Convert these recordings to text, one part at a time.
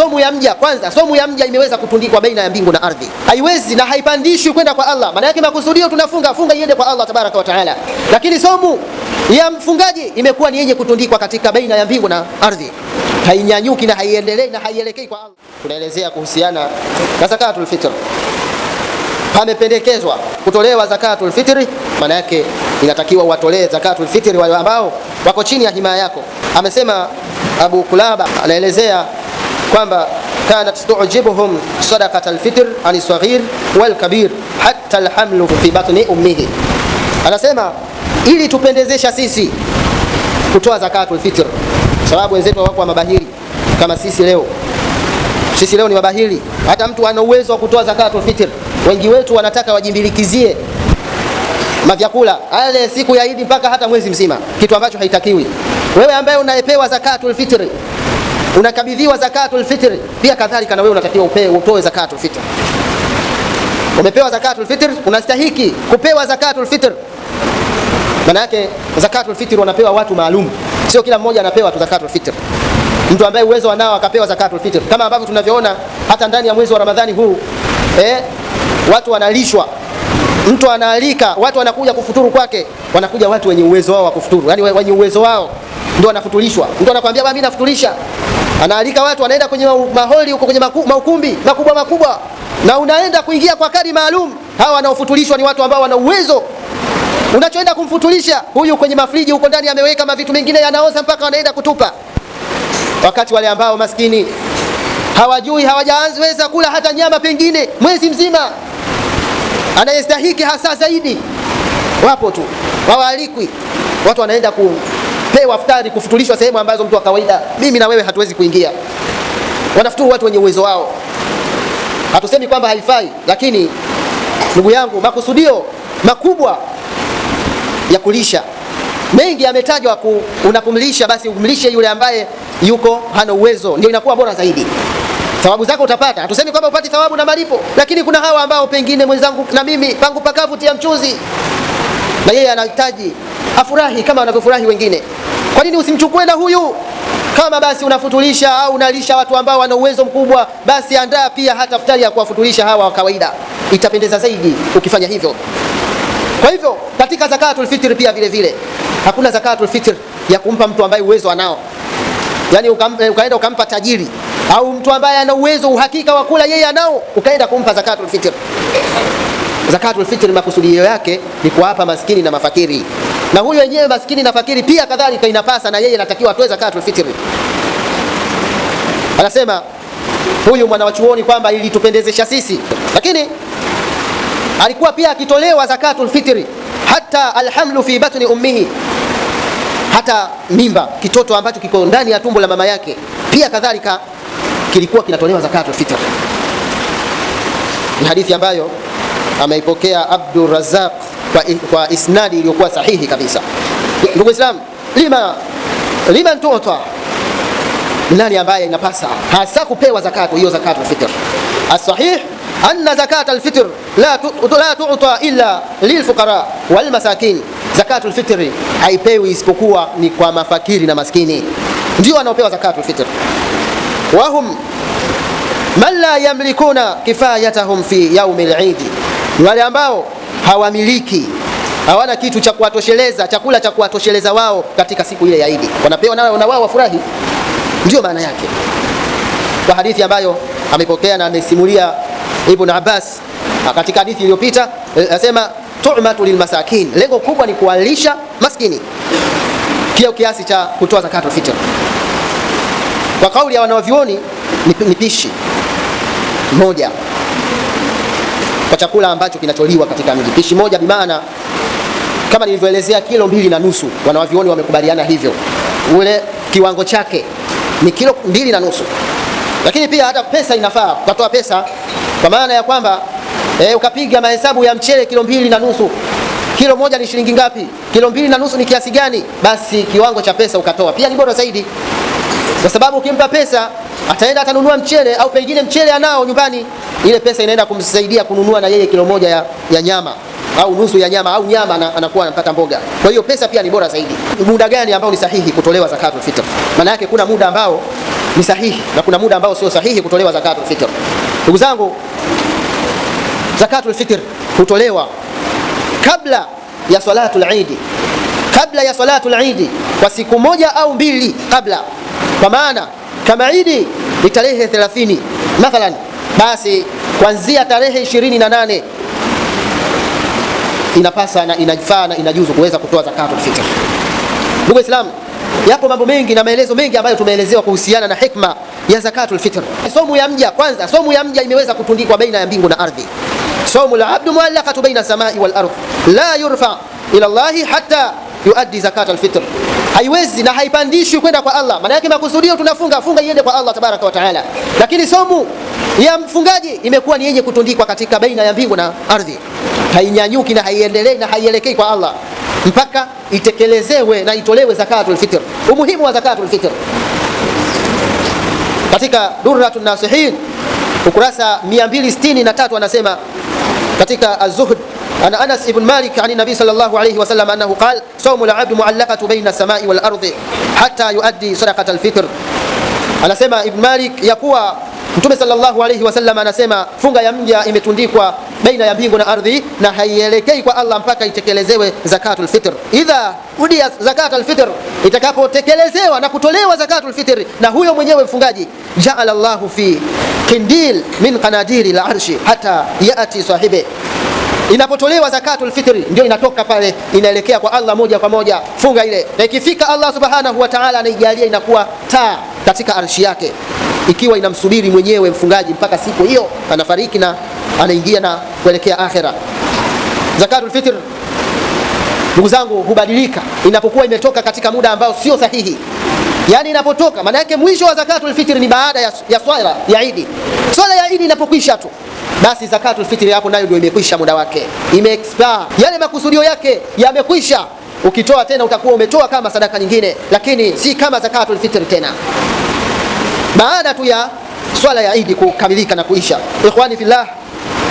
somu ya mja kwanza, somu ya mja imeweza kutundikwa baina ya mbingu na ardhi, haiwezi na haipandishwi kwenda kwa Allah. Maana yake makusudio tunafunga funga iende kwa Allah tabaraka wa taala, lakini somu ya mfungaji imekuwa ni yenye kutundikwa katika baina ya mbingu na ardhi, hainyanyuki na haiendelei na haielekei kwa Allah. Tunaelezea kuhusiana na zakatul fitr, pamependekezwa kutolewa zakatul fitri. Maana yake inatakiwa watolee zakatul fitri wale ambao wako chini ya himaya yako. Amesema Abu Kulaba, anaelezea kwamba kanat tujibuhum sadaqat alfitr ani saghir wal kabir hatta alhamlu fi batni ummihi, anasema ili tupendezesha sisi kutoa zakatu alfitr, sababu wenzetu wako mabahili kama sisi leo. Sisi leo ni mabahili, hata mtu ana uwezo wa kutoa zakatu fitr. Wengi wetu wanataka wajimbilikizie mavyakula ale siku ya Idi mpaka hata mwezi mzima, kitu ambacho haitakiwi. Wewe ambaye unayepewa zakatu fitri unakabidhiwa zakatul fitr. Pia kadhalika na wewe unatakiwa upe, utoe zakatul fitr. Umepewa zakatul fitr, unastahiki kupewa zakatul fitr. Maana yake zakatul fitr wanapewa watu maalum, sio kila mmoja anapewa tu zakatul fitr. Mtu ambaye uwezo anao akapewa zakatul fitr, kama ambavyo tunavyoona hata ndani ya mwezi wa Ramadhani huu eh, watu wanalishwa mtu anaalika watu wanakuja kufuturu kwake, wanakuja watu wenye uwezo wao wa kufuturu, yani wenye uwezo wao ndio wanafuturishwa. Mtu anakwambia baba, mimi nafuturisha, Anaalika watu, anaenda kwenye maholi huko, kwenye maukumbi makubwa makubwa, na unaenda kuingia kwa kadi maalum. Hawa wanaofutulishwa ni watu ambao wana uwezo. Unachoenda kumfutulisha huyu kwenye mafriji huko ndani ameweka mavitu mengine yanaoza mpaka wanaenda kutupa, wakati wale ambao maskini hawajui hawajaweza kula hata nyama pengine mwezi mzima. Anayestahiki hasa zaidi wapo tu, wawalikwi Watu wanaenda ku kupewa futari, kufutulishwa sehemu ambazo mtu wa kawaida mimi na wewe hatuwezi kuingia. Wanafuturu watu wenye uwezo wao, hatusemi kwamba haifai, lakini ndugu yangu, makusudio makubwa ya kulisha mengi yametajwa. Unapomlisha basi umlishe yule ambaye yuko hana uwezo, ndio inakuwa bora zaidi. Thawabu zako utapata, hatusemi kwamba upati thawabu na malipo, lakini kuna hawa ambao pengine mwenzangu na mimi pangu pakavu tia mchuzi, na yeye anahitaji afurahi kama wanavyofurahi wengine. Kwa nini usimchukue na huyu? Kama basi unafutulisha au unalisha watu ambao wana uwezo mkubwa, basi andaa pia hata futari ya kuwafutulisha hawa wa kawaida, itapendeza zaidi ukifanya hivyo. Kwa hivyo katika zakatul fitri pia vile vile, hakuna zakatul fitri ya kumpa mtu ambaye uwezo anao, yaani eh, ukaenda ukampa tajiri au mtu ambaye ana uwezo uhakika wa kula yeye anao, ukaenda kumpa zakatul fitri. Zakatul fitri makusudio yake ni kuwapa maskini na mafakiri na huyo wenyewe maskini na fakiri pia kadhalika, inapasa na yeye anatakiwa atoe zakatul fitri. Anasema huyu mwana wa chuoni kwamba ilitupendezesha sisi, lakini alikuwa pia akitolewa zakatu fitri hata alhamlu fi batni ummihi, hata mimba, kitoto ambacho kiko ndani ya tumbo la mama yake pia kadhalika kilikuwa kinatolewa zakatu fitri. Ni hadithi ambayo ameipokea Abdurrazzaq kwa, kwa isnadi iliyokuwa sahihi kabisa. Ndugu Islam, lima lima mtoto nani ambaye inapasa hasa kupewa zakatu hiyo, zakatu fitr? As-sahih anna zakat alfitr la tu'ta illa lilfuqara walmasakin, zakatu alfitri haipewi isipokuwa ni kwa mafakiri na maskini, ndio wanaopewa zakatu alfitr. Wahum man la yamlikuna kifayatahum fi yaumi lidi, wale ambao hawamiliki, hawana kitu cha kuwatosheleza, chakula cha kuwatosheleza wao katika siku ile ya Idi. Wanapewa na wana wao wafurahi, ndio maana yake kwa hadithi ambayo amepokea na amesimulia Ibn Abbas katika hadithi iliyopita, anasema eh, tu'matu lilmasakin, lengo kubwa ni kuwalisha maskini pia kiasi cha kutoa zakatul fitr. Kwa kauli ya wanawavioni ni pishi moja kwa chakula ambacho kinatoliwa katika mji. Pishi moja bi maana kama nilivyoelezea kilo mbili na nusu, wanawavioni wamekubaliana hivyo, ule kiwango chake ni kilo mbili na nusu. Lakini pia hata pesa inafaa ukatoa pesa, kwa maana ya kwamba e, ukapiga mahesabu ya mchele kilo mbili na nusu kilo moja ni shilingi ngapi? Kilo mbili na nusu ni kiasi gani? Basi kiwango cha pesa ukatoa pia ni bora zaidi, kwa sababu ukimpa pesa ataenda atanunua mchele au pengine mchele anao nyumbani ile pesa inaenda kumsaidia kununua na yeye kilo moja ya, ya nyama au nusu ya nyama au nyama na, anakuwa anapata mboga. Kwa hiyo pesa pia ni bora zaidi. Muda gani ambao ni sahihi kutolewa zakatul fitr? Maana yake kuna muda ambao ni sahihi na kuna muda ambao sio sahihi kutolewa zakatul fitr. Ndugu zangu, zakatul fitr hutolewa kabla ya salatul Eid, kabla ya salatul Eid kwa siku moja au mbili kabla, kwa maana kama Eid ni tarehe 30 mathalan basi kuanzia tarehe 28 inapasa na inafaa na inajuzu kuweza kutoa zakatul fitr. Ndugu Waislamu, yapo mambo mengi na maelezo mengi ambayo tumeelezewa kuhusiana na hikma ya zakatul fitr. Somu ya mja kwanza, somu ya mja imeweza kutundikwa baina ya mbingu na ardhi. Somu la abdu muallaqatu baina samai wal ardh la yurfa ila Allahi hatta yuaddi zakatul fitr, haiwezi na haipandishwi kwenda kwa Allah. Maana yake makusudio tunafunga funga iende kwa Allah tabaraka wa taala, lakini somu ya mfungaji imekuwa ni yenye kutundikwa katika baina ya mbingu na ardhi, hainyanyuki na haiendelei na haielekei kwa Allah mpaka itekelezewe na itolewe zakatul fitr. Umuhimu wa zakatul fitr katika Durratun Nasihin ukurasa 263 anasema katika Az-Zuhd an Anas ibn Malik an Nabii sallallahu alayhi wasallam annahu qala sawmu al-abd mu'allaqatu bayna as-sama'i wal-ardi hatta yuaddi sadaqatal fitr. Anasema Ibn Malik ya kuwa Mtume sallallahu alayhi wasallam anasema funga ya mja imetundikwa baina ya mbingu na ardhi na haielekei kwa Allah mpaka itekelezewe zakatul fitr. Idha udia zakatul fitr, itakapotekelezewa na kutolewa zakatul fitr na huyo mwenyewe mfungaji, jaala Allahu fi kindil min qanadiri la arshi hata yati sahibe Inapotolewa zakatul fitri ndio inatoka pale, inaelekea kwa Allah moja kwa moja, funga ile, na ikifika Allah subhanahu wa ta'ala anaijalia inakuwa taa katika arshi yake ikiwa inamsubiri mwenyewe mfungaji mpaka siku hiyo anafariki na anaingia na kuelekea akhera. Zakatul fitr ndugu zangu, hubadilika inapokuwa imetoka katika muda ambao sio sahihi. Yaani inapotoka maana yake mwisho wa zakatul fitr ni baada ya, swala ya Idi. Swala ya Idi inapokwisha tu basi zakatul fitri hapo nayo ndio imekwisha muda wake, ime expire yale makusudio yake yamekwisha. Ukitoa tena utakuwa umetoa kama sadaka nyingine, lakini si kama zakatul fitri tena baada tu ya swala ya Idi kukamilika na kuisha. Ikhwani fillah,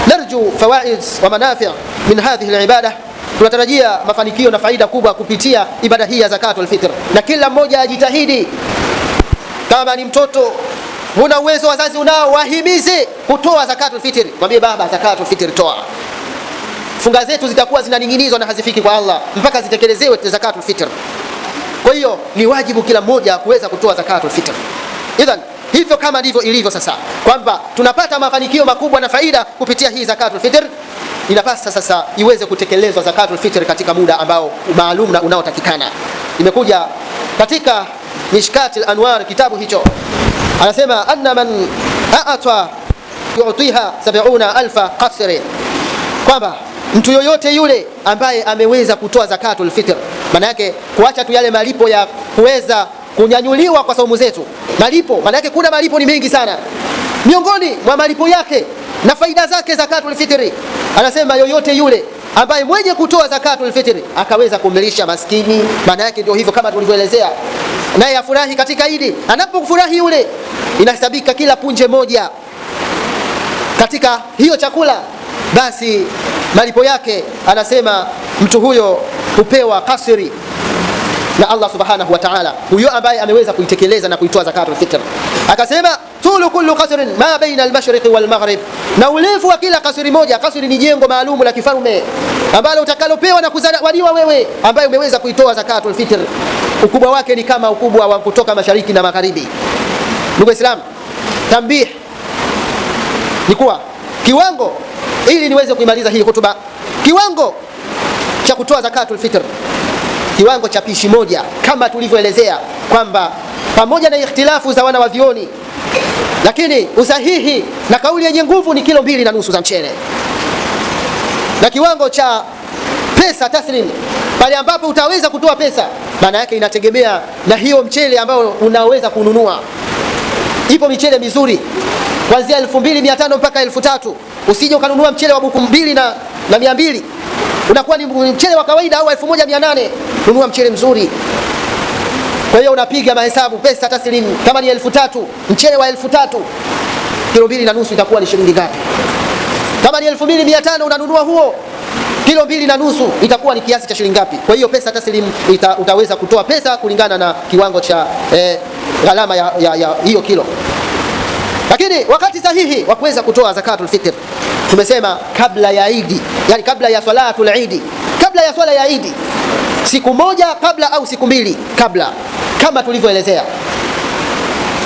narju fawaid wa manafi' min hadhihi alibada tunatarajia mafanikio na faida kubwa kupitia ibada hii ya zakatul alfitr, na kila mmoja ajitahidi. Kama ni mtoto huna uwezo, wazazi unao, wahimize kutoa zakatul alfitr. Mwambie baba, zakatul alfitr toa. Funga zetu zitakuwa zinaning'inizwa na hazifiki kwa Allah mpaka zitekelezewe zakatul fitr. Kwa hiyo ni wajibu kila mmoja kuweza kutoa zakatul fitr. Idhan hivyo kama ndivyo ilivyo sasa, kwamba tunapata mafanikio makubwa na faida kupitia hii zakatul fitr. Inapasa sasa iweze kutekelezwa zakatul fitr katika muda ambao maalum na unaotakikana. Imekuja katika Mishkatil Anwar, kitabu hicho anasema, anna man aata yutiha sab'una alfa qasri, kwamba mtu yoyote yule ambaye ameweza kutoa zakatul fitr, maana yake kuacha tu yale malipo ya kuweza kunyanyuliwa kwa saumu zetu. Malipo maana yake kuna malipo ni mengi sana, miongoni mwa malipo yake na faida zake zakatul fitri, anasema yoyote yule ambaye mwenye kutoa zakatul fitri akaweza kumlisha maskini, maana yake ndio hivyo kama tulivyoelezea, naye afurahi katika Idi. Anapofurahi yule, inahesabika kila punje moja katika hiyo chakula, basi malipo yake anasema mtu huyo hupewa kasri na Allah subhanahu wa ta'ala, huyo ambaye ameweza kuitekeleza na kuitoa zakatul fitr. Akasema tulu kullu qasrin ma baina al-mashriq wal maghrib, na urefu wa kila kasri moja. Kasri ni jengo maalumu la kifalume ambalo utakalopewa na kuzaliwa wewe ambaye umeweza kuitoa zakatul fitr, ukubwa wake ni kama ukubwa wa kutoka mashariki na magharibi. Ndugu Islam, tambih ni kuwa kiwango, ili niweze kuimaliza hii hotuba, kiwango cha kutoa zakatul fitr kiwango cha pishi moja, kama tulivyoelezea kwamba pamoja na ikhtilafu za wana wa vioni, lakini usahihi na kauli yenye nguvu ni kilo mbili na nusu za mchele, na kiwango cha pesa taslim pale ambapo utaweza kutoa pesa, maana yake inategemea na hiyo mchele ambao unaweza kununua. Ipo michele mizuri kuanzia 2500 mpaka 3000. Usije ukanunua mchele wa buku mbili na, na mia mbili, unakuwa ni mchele wa kawaida au 1800 nunua mchele mzuri. Kwa hiyo unapiga mahesabu pesa taslim, kama ni elfu tatu mchele wa elfu tatu kilo mbili na nusu itakuwa ni shilingi ngapi? Kama ni elfu mbili mia tano unanunua huo kilo mbili na nusu itakuwa ni kiasi cha shilingi ngapi? Kwa hiyo pesa taslim ita, utaweza kutoa pesa kulingana na kiwango cha eh, gharama ya, ya, ya hiyo kilo. Lakini wakati sahihi wa kuweza kutoa zakatul fitr tumesema kabla ya Idi, yani kabla ya swalatul Idi, kabla ya swala ya Idi siku moja kabla au siku mbili kabla, kama tulivyoelezea.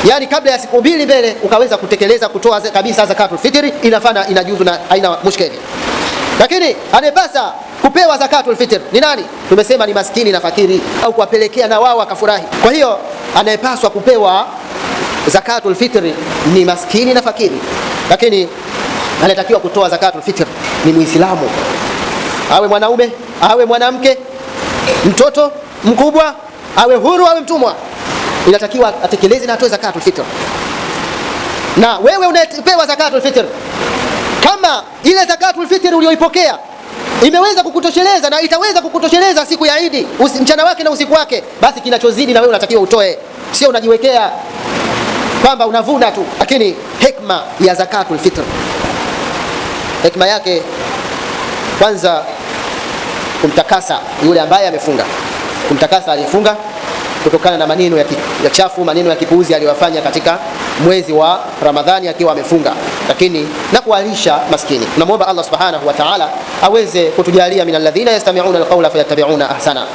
Yani kabla ya siku mbili mbele ukaweza kutekeleza kutoa kabisa zakatul fitri, inafana inajuzu na haina mushkeli. Lakini anayepasa kupewa zakatul fitri ni nani? Tumesema ni maskini na fakiri, au kuwapelekea na wao wakafurahi. Kwa hiyo anayepaswa kupewa zakatul fitri ni maskini na fakiri, lakini anatakiwa kutoa zakatul fitri ni Muislamu, awe mwanaume awe mwanamke mtoto mkubwa awe huru awe mtumwa, inatakiwa atekeleze na atoe zakatul fitr. Na wewe unapewa zakatul fitr, kama ile zakatul fitr uliyoipokea imeweza kukutosheleza na itaweza kukutosheleza siku ya Idi, mchana wake na usiku wake, basi kinachozidi na wewe unatakiwa utoe, sio unajiwekea kwamba unavuna tu. Lakini hekma ya zakatul fitr, hekma yake kwanza kumtakasa yule ambaye amefunga, kumtakasa alifunga kutokana na maneno ya chafu, maneno ya kipuuzi aliyofanya katika mwezi wa Ramadhani akiwa amefunga, lakini na kualisha maskini. Tunamwomba Allah subhanahu wa ta'ala aweze kutujalia minalladhina yastami'una alqawla fayattabi'una ahsana.